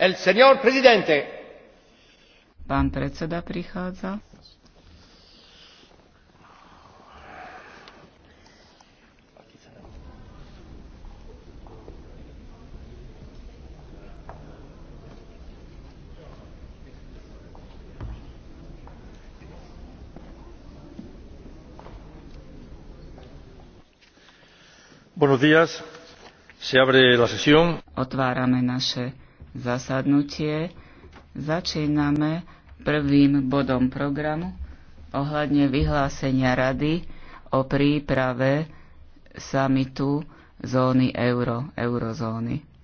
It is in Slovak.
El señor presidente. Pán predseda prichádza. Buenos días. Se abre la sesión. Otvárame naše zasadnutie. Začíname prvým bodom programu ohľadne vyhlásenia Rady o príprave samitu zóny euro, eurozóny.